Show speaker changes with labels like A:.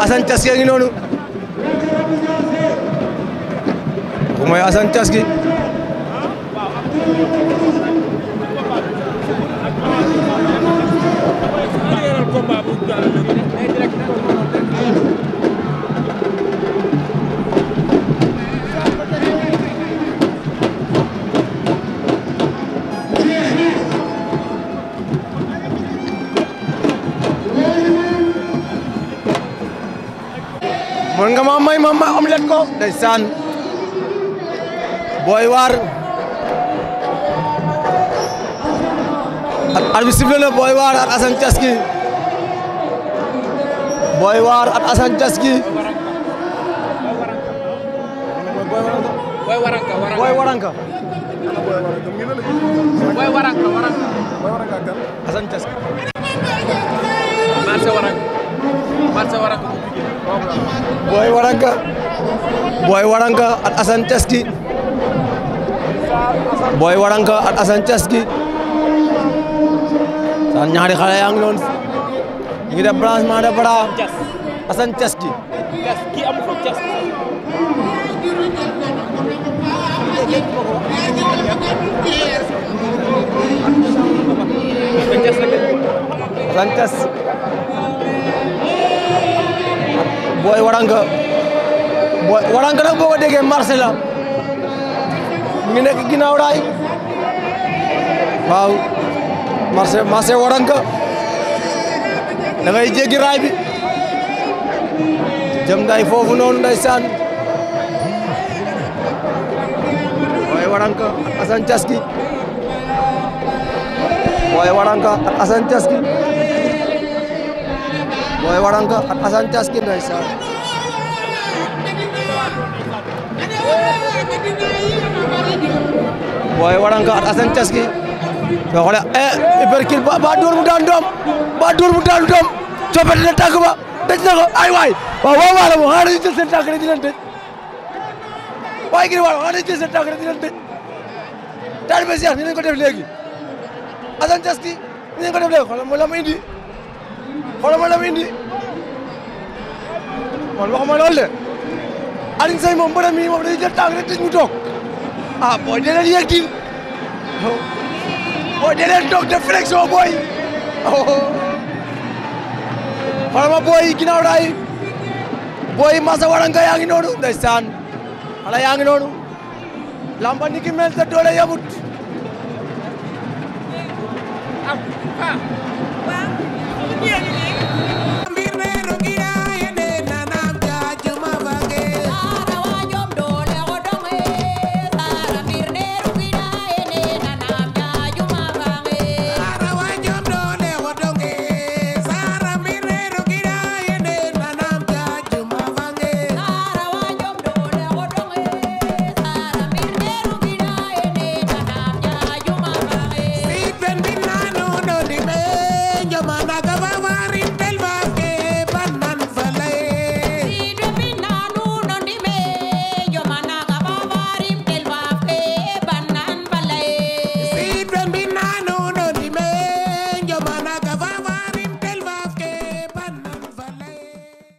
A: Assane Thiass gi ngi mën nga ma may ma ma omelette booy waar ar bi na booy waar at Assane Thiaski booy waar at Assane Thiaski booy waranka booy waranka booy waranka waranka Assane Boy Waranka Boy Waranka at Assane Thiaski Waranka at Assane Thiaski
B: san ñaari xale yaa ngi noonu
A: ñu ngi def branchement de bras booy waranka booy waranka nag boo ko déggee marché la mu ngi nekk ginnaaw raay waaw marché marché waranka da ngay jéggi raay bi foofu noonu nday saan booy waranka ak booy waranka ak mooy waral nga at Assane Thiass ki ndeysaan mooy waral nga at Assane Thiass ki soo xoolee eh hypercule ba ba dóor mu daan doom ba dóor mu daan doom coppite na tànk ba daj na ko ay waay waaw waaw waaw la moom xanaa dañuy jël seen tànk rek di leen dëj waaye ngir waaw xanaa dañuy jël seen tànk rek di leen dëj taalibe Cheikh ni lañ ko def léegi Assane Thiass ki ni lañ ko def léegi xoolal mooy la mu indi xoolal ma la indi man waxuma loolu de Alioune Seye moom mbërëm yi mu toog ah booy dee leen yegg diin booy dee leen toog def flexion booy xoolal booy ginnaaw raay booy Massa Waranka yaa ngi noonu ndeysaan xale yaa ngi ni doole yabut. Allez